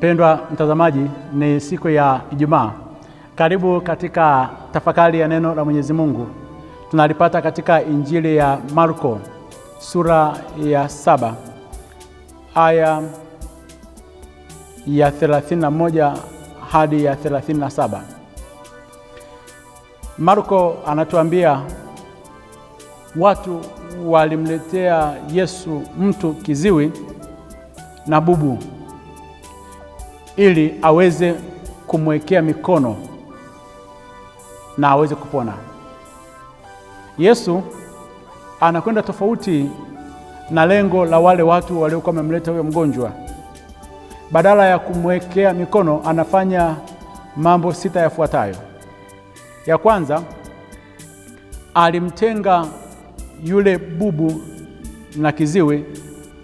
Mpendwa mtazamaji, ni siku ya Ijumaa. Karibu katika tafakari ya neno la Mwenyezi Mungu. Tunalipata katika Injili ya Marko sura ya saba aya ya 31 hadi ya 37. Marko anatuambia watu walimletea Yesu mtu kiziwi na bubu ili aweze kumwekea mikono na aweze kupona. Yesu anakwenda tofauti na lengo la wale watu waliokuwa wamemleta huyo mgonjwa. Badala ya kumwekea mikono, anafanya mambo sita yafuatayo. Ya kwanza, alimtenga yule bubu na kiziwi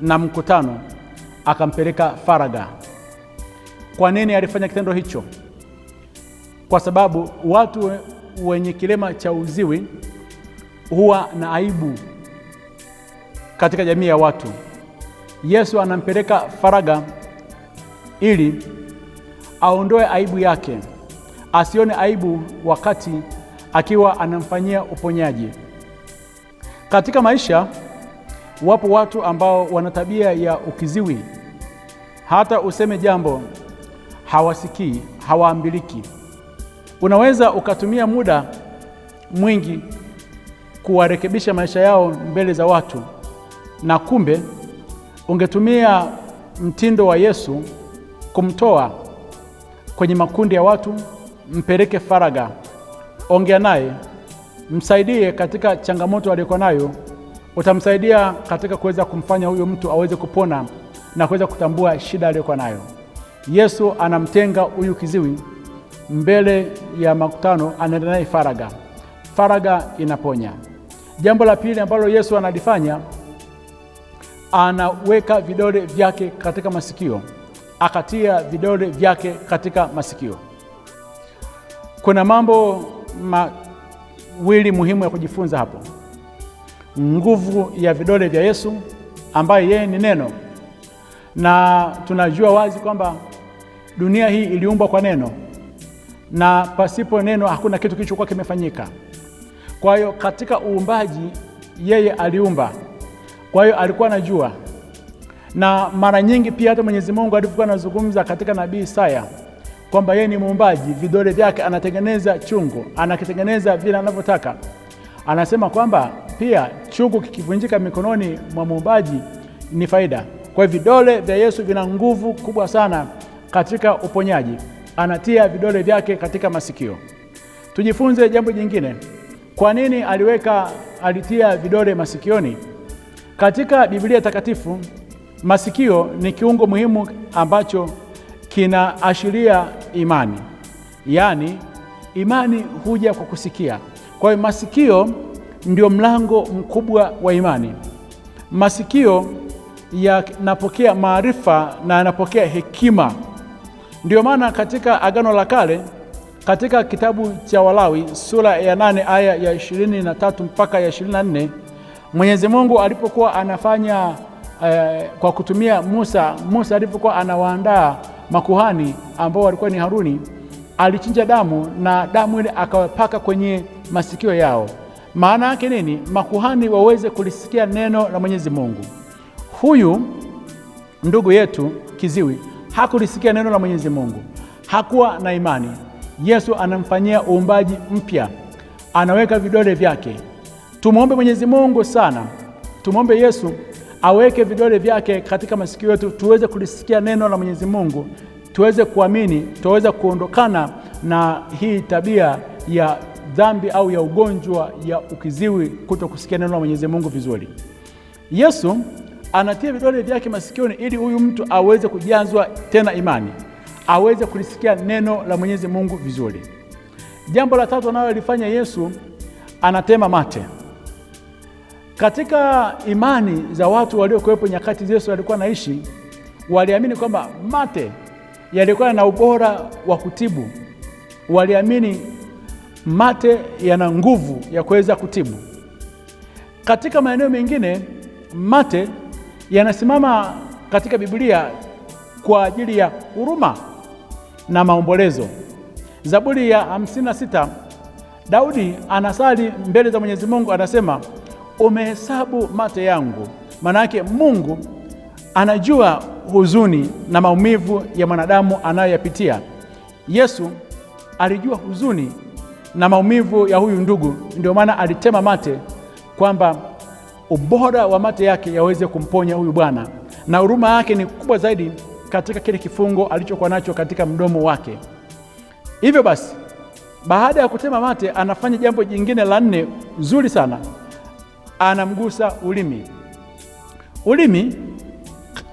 na mkutano, akampeleka faraga. Kwa nini alifanya kitendo hicho? Kwa sababu watu wenye kilema cha uziwi huwa na aibu katika jamii ya watu. Yesu anampeleka faraga ili aondoe aibu yake, asione aibu wakati akiwa anamfanyia uponyaji. Katika maisha, wapo watu ambao wana tabia ya ukiziwi, hata useme jambo hawasikii, hawaambiliki. Unaweza ukatumia muda mwingi kuwarekebisha maisha yao mbele za watu, na kumbe ungetumia mtindo wa Yesu kumtoa kwenye makundi ya watu. Mpeleke faraga, ongea naye, msaidie katika changamoto aliyokuwa nayo. Utamsaidia katika kuweza kumfanya huyo mtu aweze kupona na kuweza kutambua shida aliyokuwa nayo. Yesu anamtenga huyu kiziwi mbele ya makutano, anaenda naye faraga. Faraga inaponya. Jambo la pili ambalo Yesu analifanya, anaweka vidole vyake katika masikio, akatia vidole vyake katika masikio. Kuna mambo mawili muhimu ya kujifunza hapo: nguvu ya vidole vya Yesu ambaye yeye ni neno, na tunajua wazi kwamba Dunia hii iliumbwa kwa neno, na pasipo neno hakuna kitu kilichokuwa kimefanyika. Kwa hiyo katika uumbaji yeye aliumba, kwa hiyo alikuwa anajua. Na mara nyingi pia hata Mwenyezi Mungu alipokuwa anazungumza katika nabii Isaya kwamba yeye ni muumbaji, vidole vyake anatengeneza chungu, anakitengeneza vile anavyotaka. Anasema kwamba pia chungu kikivunjika mikononi mwa muumbaji ni faida. Kwa hiyo vidole vya Yesu vina nguvu kubwa sana katika uponyaji, anatia vidole vyake katika masikio. Tujifunze jambo jingine. Kwa nini aliweka alitia vidole masikioni? Katika Biblia Takatifu, masikio ni kiungo muhimu ambacho kinaashiria imani, yaani imani huja kwa kusikia. Kwa hiyo masikio ndio mlango mkubwa wa imani. Masikio yanapokea maarifa na yanapokea hekima. Ndiyo maana katika Agano la Kale, katika kitabu cha Walawi sura ya nane aya ya ishirini na tatu mpaka ya ishirini na nne Mwenyezi Mungu alipokuwa anafanya eh, kwa kutumia Musa, Musa alipokuwa anawaandaa makuhani ambao walikuwa ni Haruni, alichinja damu na damu ile akawapaka kwenye masikio yao. Maana yake nini? Makuhani waweze kulisikia neno la Mwenyezi Mungu. Huyu ndugu yetu kiziwi hakulisikia neno la Mwenyezi Mungu, hakuwa na imani, Yesu anamfanyia uumbaji mpya, anaweka vidole vyake. Tumwombe Mwenyezi Mungu sana, tumwombe Yesu aweke vidole vyake katika masikio yetu, tuweze kulisikia neno la Mwenyezi Mungu, tuweze kuamini, tuweze kuondokana na hii tabia ya dhambi au ya ugonjwa ya ukiziwi, kuto kusikia neno la Mwenyezi Mungu vizuri. Yesu anatia vidole vyake masikioni, ili huyu mtu aweze kujazwa tena imani, aweze kulisikia neno la Mwenyezi Mungu vizuri. Jambo la tatu analolifanya Yesu, anatema mate. Katika imani za watu waliokuwepo nyakati Yesu alikuwa naishi waliamini kwamba mate yalikuwa na ubora wa kutibu. Waliamini mate yana nguvu ya kuweza kutibu. Katika maeneo mengine mate yanasimama katika Biblia kwa ajili ya huruma na maombolezo. Zaburi ya hamsini na sita Daudi anasali mbele za Mwenyezi Mungu, anasema umehesabu mate yangu. Maana yake Mungu anajua huzuni na maumivu ya mwanadamu anayoyapitia. Yesu alijua huzuni na maumivu ya huyu ndugu, ndio maana alitema mate kwamba ubora wa mate yake yaweze kumponya huyu bwana, na huruma yake ni kubwa zaidi katika kile kifungo alichokuwa nacho katika mdomo wake. Hivyo basi, baada ya kutema mate, anafanya jambo jingine la nne zuri sana, anamgusa ulimi. Ulimi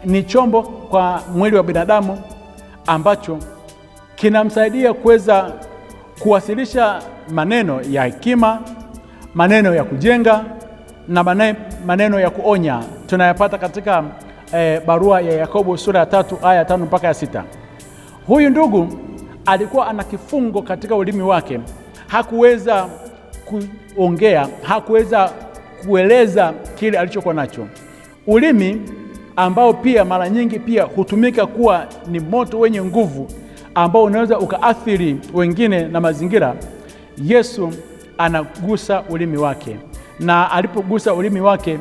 ni chombo kwa mwili wa binadamu ambacho kinamsaidia kuweza kuwasilisha maneno ya hekima, maneno ya kujenga na maneno ya kuonya tunayapata katika e, barua ya Yakobo sura ya tatu aya ya tano mpaka ya sita. Huyu ndugu alikuwa ana kifungo katika ulimi wake, hakuweza kuongea, hakuweza kueleza kile alichokuwa nacho. Ulimi ambao pia mara nyingi pia hutumika kuwa ni moto wenye nguvu ambao unaweza ukaathiri wengine na mazingira. Yesu anagusa ulimi wake na alipogusa ulimi wake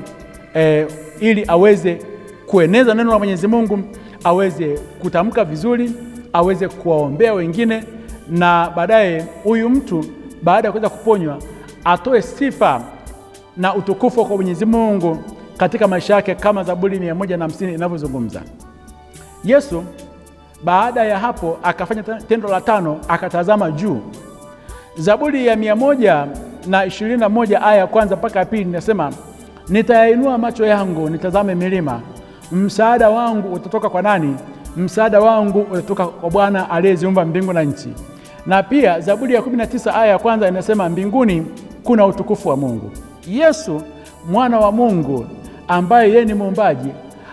e, ili aweze kueneza neno la Mwenyezi Mungu, aweze kutamka vizuri, aweze kuwaombea wengine, na baadaye huyu mtu baada ya kuweza kuponywa atoe sifa na utukufu kwa Mwenyezi Mungu katika maisha yake kama Zaburi mia moja na hamsini inavyozungumza. Yesu baada ya hapo akafanya tendo la tano, akatazama juu. Zaburi ya mia moja na ishirini na moja aya ya kwanza mpaka ya pili inasema, nitayainua macho yangu nitazame milima, msaada wangu utatoka kwa nani? Msaada wangu utatoka kwa Bwana aliyeziumba mbingu na nchi. Na pia Zaburi ya kumi na tisa aya ya kwanza inasema, mbinguni kuna utukufu wa Mungu. Yesu mwana wa Mungu ambaye yeye ni muumbaji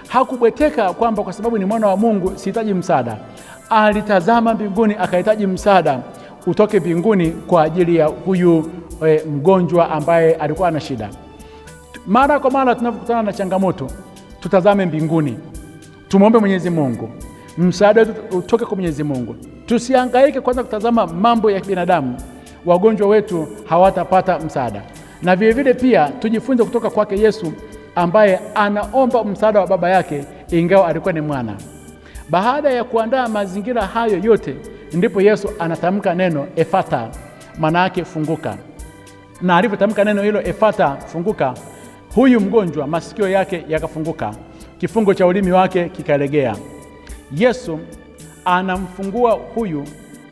hakubweteka kwamba kwa sababu ni mwana wa Mungu sihitaji msaada. Alitazama mbinguni akahitaji msaada utoke mbinguni kwa ajili ya huyu e, mgonjwa ambaye alikuwa ana shida. Mara kwa mara tunapokutana na changamoto, tutazame mbinguni, tumwombe Mwenyezi Mungu msaada wetu utoke kwa Mwenyezi Mungu. Tusihangaike kwanza kutazama mambo ya binadamu, wagonjwa wetu hawatapata msaada. Na vilevile pia tujifunze kutoka kwake Yesu ambaye anaomba msaada wa baba yake ingawa alikuwa ni mwana. Baada ya kuandaa mazingira hayo yote, ndipo Yesu anatamka neno Efata, maana yake funguka na alipotamka neno hilo Efata, funguka, huyu mgonjwa masikio yake yakafunguka, kifungo cha ulimi wake kikalegea. Yesu anamfungua huyu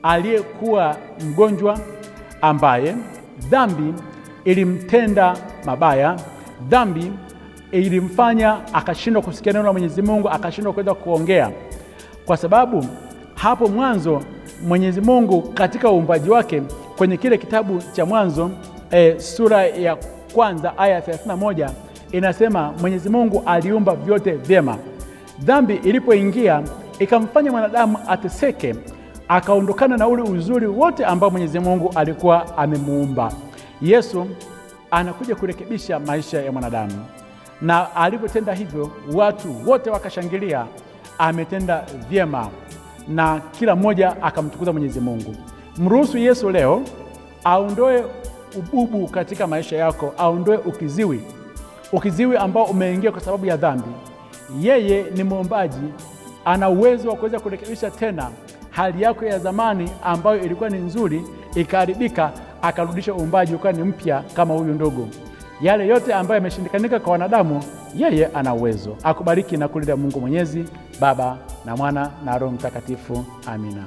aliyekuwa mgonjwa ambaye dhambi ilimtenda mabaya, dhambi ilimfanya akashindwa kusikia neno la Mwenyezi Mungu, akashindwa kuweza kuongea, kwa sababu hapo mwanzo Mwenyezi Mungu katika uumbaji wake kwenye kile kitabu cha Mwanzo e, sura ya kwanza aya 31 inasema, Mwenyezi Mungu aliumba vyote vyema. Dhambi ilipoingia ikamfanya mwanadamu ateseke, akaondokana na ule uzuri wote ambao Mwenyezi Mungu alikuwa amemuumba. Yesu anakuja kurekebisha maisha ya mwanadamu, na alipotenda hivyo watu wote wakashangilia, ametenda vyema, na kila mmoja akamtukuza Mwenyezi Mungu. Mruhusu Yesu leo aondoe ububu katika maisha yako, aondoe ukiziwi, ukiziwi ambao umeingia kwa sababu ya dhambi. Yeye ni mwombaji, ana uwezo wa kuweza kurekebisha tena hali yako ya zamani ambayo ilikuwa ni nzuri ikaharibika, akarudisha uumbaji ukawa ni mpya kama huyu ndugu. Yale yote ambayo yameshindikanika kwa wanadamu, yeye ana uwezo. Akubariki na kulinda Mungu Mwenyezi, Baba na Mwana na Roho Mtakatifu. Amina.